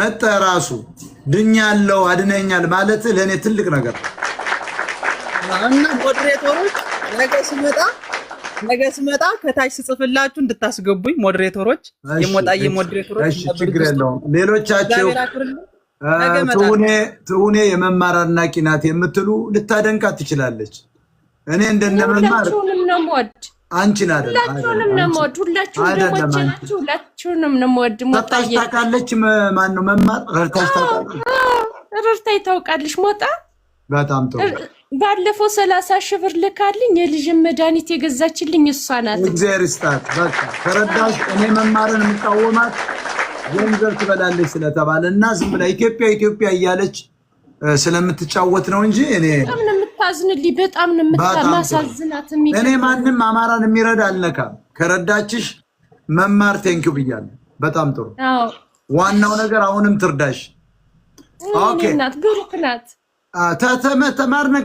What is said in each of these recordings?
መጠ ራሱ ድኛለው አድነኛል ማለት ለእኔ ትልቅ ነገር እና ሞዴሬተሮች ነገ ስመጣ ነገ ስመጣ ከታች ስጽፍላችሁ እንድታስገቡኝ ሞዴሬተሮች የሞጣ የሞዴሬተሮች ችግር የለውም። ሌሎቻቸው ትሁኔ የመማር አድናቂ ናት የምትሉ ልታደንቃት ትችላለች። እኔ እንደነመማር ነው የምወድ አንቺን ሁላችሁንም ነው የምወድ። ሁላችሁንም ደሞች ናችሁ። ሁላችሁንም ነው የምወድ። ሞጣሽ ታውቃለች። ማነው መማር ረድታሽ ታውቃለች። ረድታኝ ታውቃለች። ሞጣ በጣም ጥሩ። ባለፈው ሰላሳ ሺህ ብር ልካልኝ የልጅን መድኃኒት የገዛችልኝ እሷ ናት። እግዚአብሔር ይስጣት። በቃ ከረዳሽ እኔ መማርን የምቃወማት ገንዘብ ትበላለች ስለተባለ እና ዝም ብላ ኢትዮጵያ ኢትዮጵያ እያለች ስለምትጫወት ነው እንጂ እኔ የምታዝንልኝ በጣም ነው እኔ ማንም አማራን የሚረዳ አልነካም። ከረዳችሽ መማር ቴንኪ ብያለሁ። በጣም ጥሩ። ዋናው ነገር አሁንም ትርዳሽ። ኦኬ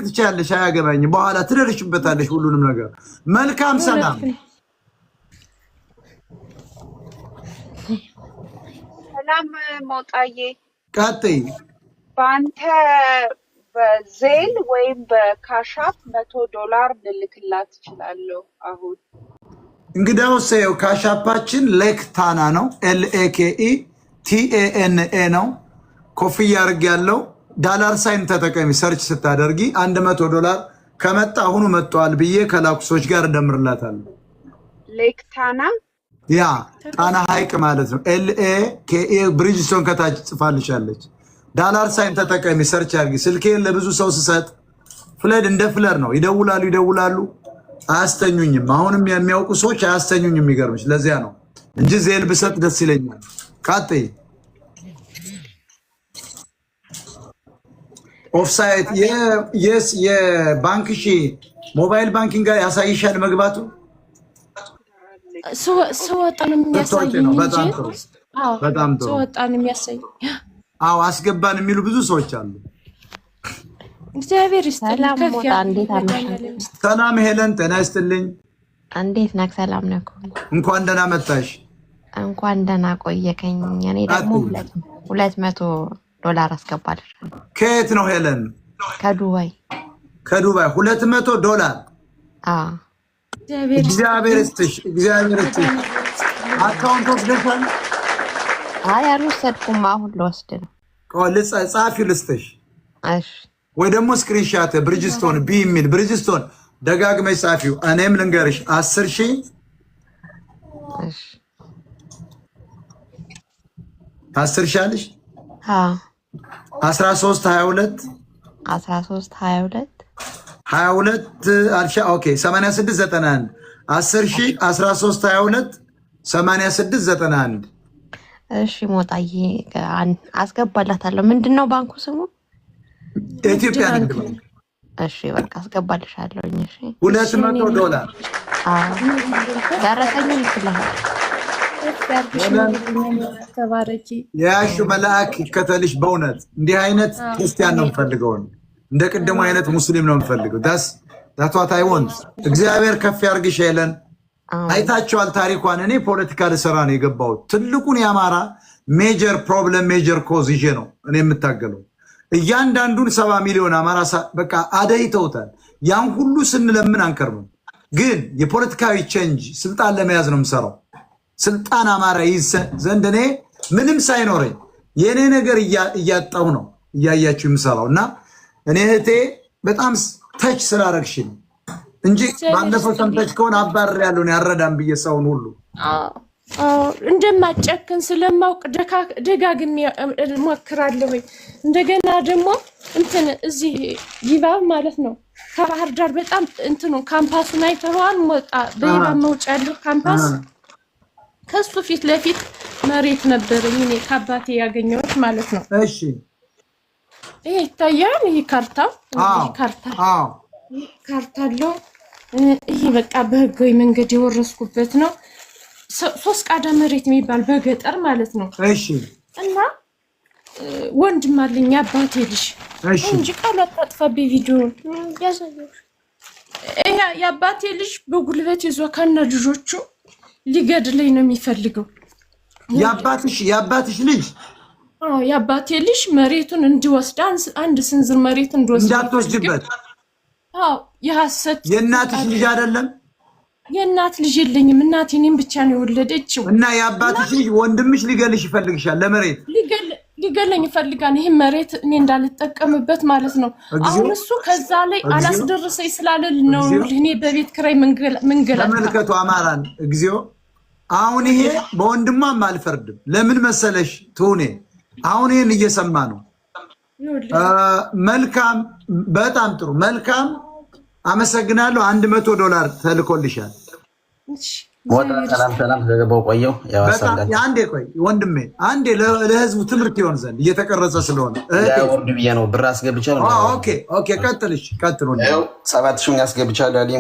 ትችያለሽ፣ አያገባኝም። በኋላ ትደርሽበታለሽ ሁሉንም ነገር። መልካም ሰላም ሰላም። ሞጣዬ ቀጥይ በአንተ በዜል ወይም በካሻፕ መቶ ዶላር ልልክላት እችላለሁ። አሁን እንግዲያውስ ይኸው ካሻፓችን ታና ነው። ኤልኤኬኢ ቲኤኤንኤ ነው። ኮፍያ አርግ ያለው ዳላር ሳይን ተጠቀሚ ሰርች ስታደርጊ አንድ መቶ ዶላር ከመጣ አሁኑ መጥተዋል ብዬ ከላኩሶች ጋር እደምርላታለሁ። ታና ያ ጣና ሀይቅ ማለት ነው። ኤልኤኬኢ ብሪጅስቶን ከታች ጽፋልሻለች። ዳላር ሳይን ተጠቀሚ፣ ሰርች አድርጊ። ስልኬን ለብዙ ሰው ስሰጥ ፍለድ እንደ ፍለር ነው። ይደውላሉ ይደውላሉ፣ አያስተኙኝም። አሁንም የሚያውቁ ሰዎች አያስተኙኝም። የሚገርምሽ ለዚያ ነው እንጂ ዜል ብሰጥ ደስ ይለኛል። ቃጥይ ኦፍሳይት የስ የባንክ ሺ ሞባይል ባንኪንግ ጋር ያሳይሻል መግባቱ ስወጣን የሚያሳይ በጣም ጥሩ ስወጣን የሚያሳይ አዎ አስገባን የሚሉ ብዙ ሰዎች አሉ። እግዚአብሔር ይስጥልኝ። ሰላም ሄለን፣ ጤና ይስጥልኝ። እንዴት ነህ? ሰላም ነህ? እንኳን ደህና መጣሽ። እንኳን ደህና ቆየከኝ። እኔ ደግሞ ሁለት መቶ ዶላር አስገባለሁ። ከየት ነው ሄለን? ከዱባይ ከዱባይ ሁለት መቶ ዶላር። እግዚአብሔር ይስጥሽ። እግዚአብሔር ይስጥሽ። አካውንት ወስደሻል? አይ አልወሰድኩም። አሁን ልወስድ ነው። ልስጥሽ ወይ ደግሞ ስክሪንሻት ብሪጅስቶን ቢ የሚል ብሪጅስቶን ደጋግመሽ ጸሐፊው። እኔም ልንገርሽ አስር ሺህ አስር ሺህ አለሽ አስራ ሀያ ሁለት አስራ ሀያ ሁለት ሀያ ሁለት አልሻ ኦኬ ሰማንያ ስድስት ዘጠና አንድ አስር ሺህ አስራ ሀያ ሁለት ሰማንያ ስድስት ዘጠና አንድ እሺ ሞጣዬ አስገባላታለሁ። ምንድን ነው ባንኩ ስሙ? ኢትዮጵያ ንግድ ባንክ። እሺ በቃ አስገባልሻለሁ። እሺ ሁለት መቶ ዶላር ደረሰኝ ይችላል። ያሹ መልአክ ይከተልሽ። በእውነት እንዲህ አይነት ክርስቲያን ነው የምፈልገው። እንደ ቅድሙ አይነት ሙስሊም ነው የምፈልገው። ዳስ ዳቷት አይወንት እግዚአብሔር ከፍ ያርግሽ የለን አይታቸዋል ታሪኳን። እኔ ፖለቲካ ልሰራ ነው የገባው። ትልቁን የአማራ ሜጀር ፕሮብለም ሜጀር ኮዝ ይዤ ነው እኔ የምታገለው። እያንዳንዱን ሰባ ሚሊዮን አማራ በቃ አደይተውታል። ያን ሁሉ ስንለምን አንከርምም። ግን የፖለቲካዊ ቼንጅ ስልጣን ለመያዝ ነው የምሰራው። ስልጣን አማራ ይዝ ዘንድ እኔ ምንም ሳይኖረኝ የእኔ ነገር እያጣሁ ነው እያያችሁ የምሰራው እና እኔ እህቴ በጣም ተች ስላረግሽ እንጂ ባለፈው ሰምተች ከሆነ አባር ያለው ያረዳን ብዬ ሰውን ሁሉ እንደማጨክን ስለማውቅ ደጋግሜ እሞክራለሁ። እንደገና ደግሞ እንትን እዚህ ይባብ ማለት ነው ከባህር ዳር በጣም እንትኑ ካምፓሱን አይተኸዋል? ሞጣ በይባብ መውጫ ያለው ካምፓስ ከሱ ፊት ለፊት መሬት ነበረኝ እኔ ከአባቴ ያገኘሁት ማለት ነው። እሺ፣ ይሄ ይታያል። ይሄ ካርታ ካርታ ካርታ አለው ይሄ በቃ በህጋዊ መንገድ የወረስኩበት ነው። ሶስት ቃዳ መሬት የሚባል በገጠር ማለት ነው። እሺ እና ወንድም አለኝ አባቴ ልጅ እንጂ ቃሉ አታጥፋብኝ። ቪዲዮ የአባቴ ልጅ በጉልበት ይዞ ከነ ልጆቹ ሊገድለኝ ነው የሚፈልገው። የአባትሽ የአባትሽ ልጅ የአባቴ ልጅ መሬቱን እንዲወስድ አንድ ስንዝር መሬት እንዲወስድ እንዳትወስድበት አዎ የሐሰት የእናትሽ ልጅ አይደለም። የእናት ልጅ የለኝም። እናቴ እኔም ብቻ ነው የወለደችው። እና የአባትሽ ልጅ ወንድምሽ ሊገልሽ ይፈልግሻል። ለመሬት ሊገለኝ ይፈልጋል። ይህም መሬት እኔ እንዳልጠቀምበት ማለት ነው። አሁን እሱ ከዛ ላይ አላስደረሰኝ ስላለል ነው እኔ በቤት ክራይ ምንገላ ተመልከቱ አማራን እግዚኦ። አሁን ይሄ በወንድሟም አልፈርድም። ለምን መሰለሽ ትሁኔ አሁን ይህን እየሰማ ነው። መልካም፣ በጣም ጥሩ መልካም አመሰግናለሁ። አንድ መቶ ዶላር ተልኮልሻል። ሰላም ሰላም። ቆየው አንዴ ቆይ ወንድሜ፣ አንዴ ለህዝቡ ትምህርት ይሆን ዘንድ እየተቀረጸ ስለሆነ ወርድ ብዬ ነው ብር አስገብቻለሁ። ቀጥልሽ ሰባት ሺህ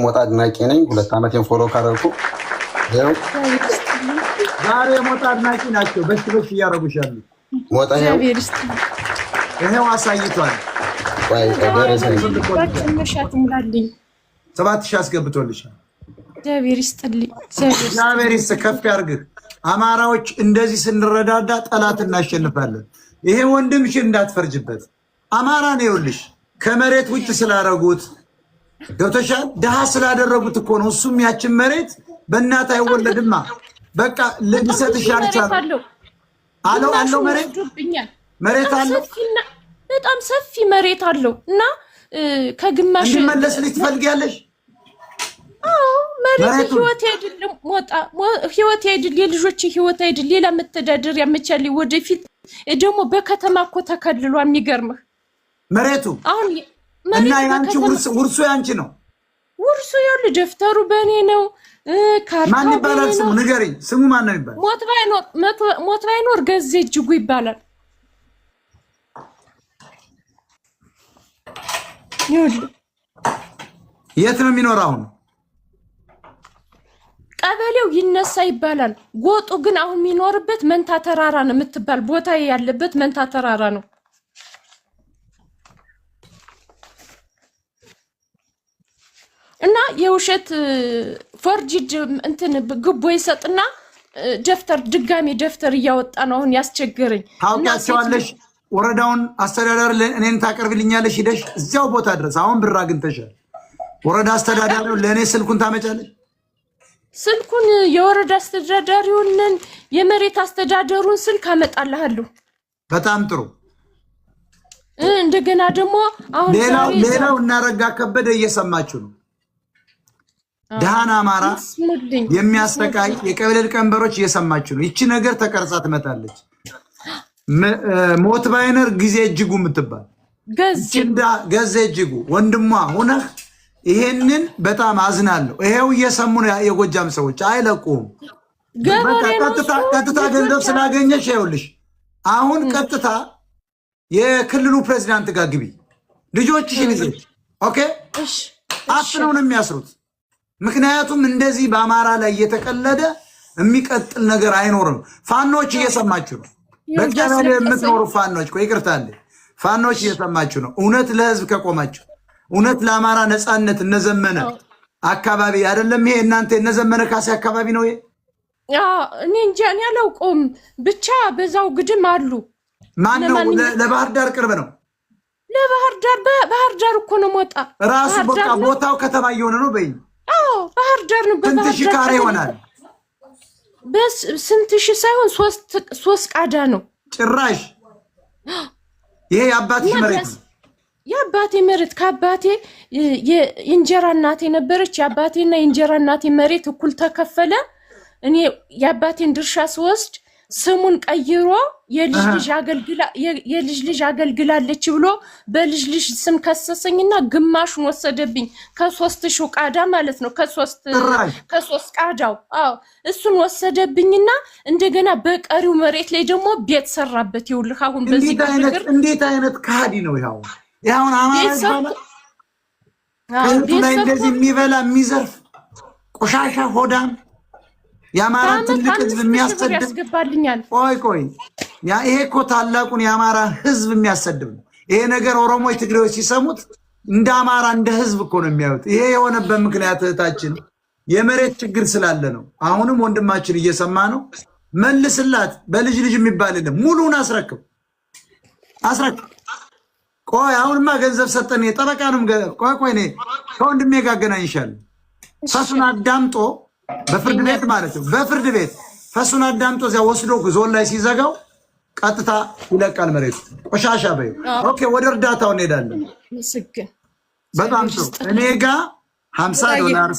ሞጣ አድናቂ ነኝ። ሁለት ዓመቴን ፎሎ ካረልኩ ዛሬ ሞጣ አድናቂ ናቸው። በሽ በሽ እያረጉሻሉ። ሞጣ ይኸው አሳይቷል። ሰባት ሺህ አስገብቶልሻል። እግዚአብሔር ይስጥልኝ። እግዚአብሔር ይስጥ፣ ከፍ ያርግህ። አማራዎች እንደዚህ ስንረዳዳ ጠላት እናሸንፋለን። ይሄ ወንድምሽን እንዳትፈርጅበት። አማራ ነው ይኸውልሽ፣ ከመሬት ውጭ ስላደረጉት ገብቶሻል፣ ድሃ ስላደረጉት እኮ ነው። እሱም ያችን መሬት በእናት አይወለድማ። በቃ ልሰጥሽ አልቻለሁ አለው አለው መሬት መሬት አለው በጣም ሰፊ መሬት አለው እና ከግማሽ እንዲመለስ ትፈልጊያለሽ? መሬት ህይወት አይደለም፣ ወጣ ህይወት አይደል፣ የልጆች ህይወት አይደል። ሌላ መተዳደር ያመቻል ወደፊት። ደግሞ በከተማ እኮ ተከልሏ የሚገርምህ መሬቱ አሁን እና ያንቺ ውርሱ ያንቺ ነው። ውርሱ ያሉ ደፍተሩ በእኔ ነው። ማን ይባላል ስሙ ንገሪኝ። ስሙ ማን ነው ይባላል? ሞት ባይኖር ገዜ እጅጉ ይባላል። የት ነው የሚኖር አሁን? ቀበሌው ይነሳ ይባላል። ጎጡ ግን አሁን የሚኖርበት መንታ ተራራ ነው የምትባል ቦታ ያለበት መንታ ተራራ ነው። እና የውሸት ፎርጅድ እንትን ግቦ ይሰጥና ደፍተር ድጋሜ ደፍተር እያወጣ ነው አሁን ያስቸገረኝ። ታውቂያቸዋለሽ ወረዳውን አስተዳዳሪ እኔን ታቀርብልኛለሽ፣ ሂደሽ እዚያው ቦታ ድረስ አሁን ብር አግኝተሻል። ወረዳ አስተዳዳሪው ለእኔ ስልኩን ታመጫለሽ። ስልኩን የወረዳ አስተዳዳሪውንን የመሬት አስተዳደሩን ስልክ አመጣልሃለሁ። በጣም ጥሩ። እንደገና ደግሞ አሁን ሌላው እናረጋ ከበደ እየሰማችሁ ነው። ደሃን አማራ የሚያሰቃይ የቀበሌ ቀንበሮች እየሰማችሁ ነው። ይቺ ነገር ተቀርጻ ትመጣለች። ሞት ባይነር ጊዜ እጅጉ የምትባል ገዜ እጅጉ ወንድሟ ሁነህ ይሄንን በጣም አዝናለሁ። ይሄው እየሰሙ ነው የጎጃም ሰዎች አይለቁም። ቀጥታ ገንዘብ ስላገኘሽ ይኸውልሽ፣ አሁን ቀጥታ የክልሉ ፕሬዚዳንት ጋር ግቢ። ልጆችሽን ይዘሽ ኦኬ። አፍነው ነው የሚያስሩት። ምክንያቱም እንደዚህ በአማራ ላይ እየተቀለደ የሚቀጥል ነገር አይኖርም። ፋኖች እየሰማችሁ ነው በእግዚአብሔር የምትኖሩ ፋኖች፣ ቆይ ይቅርታ አለ ፋኖች እየሰማችሁ ነው። እውነት ለህዝብ ከቆማችሁ እውነት ለአማራ ነፃነት እነዘመነ አካባቢ አይደለም ይሄ እናንተ እነዘመነ ካሴ አካባቢ ነው እኔ እንጃ እኔ አላውቀውም። ብቻ በዛው ግድም አሉ። ማን ነው? ለባህር ዳር ቅርብ ነው። ለባህር ዳር ባህር ዳር እኮ ነው ሞጣ ራሱ በቃ ቦታው ከተማ እየሆነ ነው። በይ ባህር ዳር ነው። በባህር ዳር ካሬ ይሆናል ስንት ሺህ ሳይሆን ሶስት ቃዳ ነው ጭራሽ። ይሄ የአባትሽ መሬት ነው። የአባቴ መሬት ከአባቴ የእንጀራ እናቴ ነበረች። የአባቴና የእንጀራ እናቴ መሬት እኩል ተከፈለ። እኔ የአባቴን ድርሻ ስወስድ ስሙን ቀይሮ የልጅ ልጅ አገልግላለች ብሎ በልጅ ልጅ ስም ከሰሰኝና ግማሹን ወሰደብኝ። ከሶስት ሺው ቃዳ ማለት ነው። ከሶስት ቃዳው አዎ፣ እሱን ወሰደብኝና እንደገና በቀሪው መሬት ላይ ደግሞ ቤት ሰራበት። ይኸውልህ አሁን በዚህ ግርግር እንዴት አይነት ከሃዲ ነው! ይኸው ይሁን አማራ እንደዚህ የሚበላ የሚዘርፍ ቆሻሻ ሆዳም የአማራ ትልቅ ህዝብ የሚያሰድብ ያስገባልኛል። ቆይ ቆይ፣ ይሄ እኮ ታላቁን የአማራ ህዝብ የሚያሰድብ ነው። ይሄ ነገር ኦሮሞች፣ ትግሬዎች ሲሰሙት እንደ አማራ እንደ ህዝብ እኮ ነው የሚያዩት። ይሄ የሆነበት ምክንያት እህታችን የመሬት ችግር ስላለ ነው። አሁንም ወንድማችን እየሰማ ነው። መልስላት። በልጅ ልጅ የሚባል የለም። ሙሉን አስረክብ አስረክብ። ቆይ አሁንማ ገንዘብ ሰጠን። ነው። ቆይ ቆይ፣ ከወንድሜ ጋር አገናኝሻለሁ። ሰሱን አዳምጦ በፍርድ ቤት ማለት ነው። በፍርድ ቤት ፈሱን አዳምጦ እዚያ ወስዶ ዞን ላይ ሲዘጋው ቀጥታ ይለቃል መሬቱ። ቆሻሻ በይ። ኦኬ፣ ወደ እርዳታው እንሄዳለን። በጣም ጥሩ። እኔ ጋ ሀምሳ ዶላር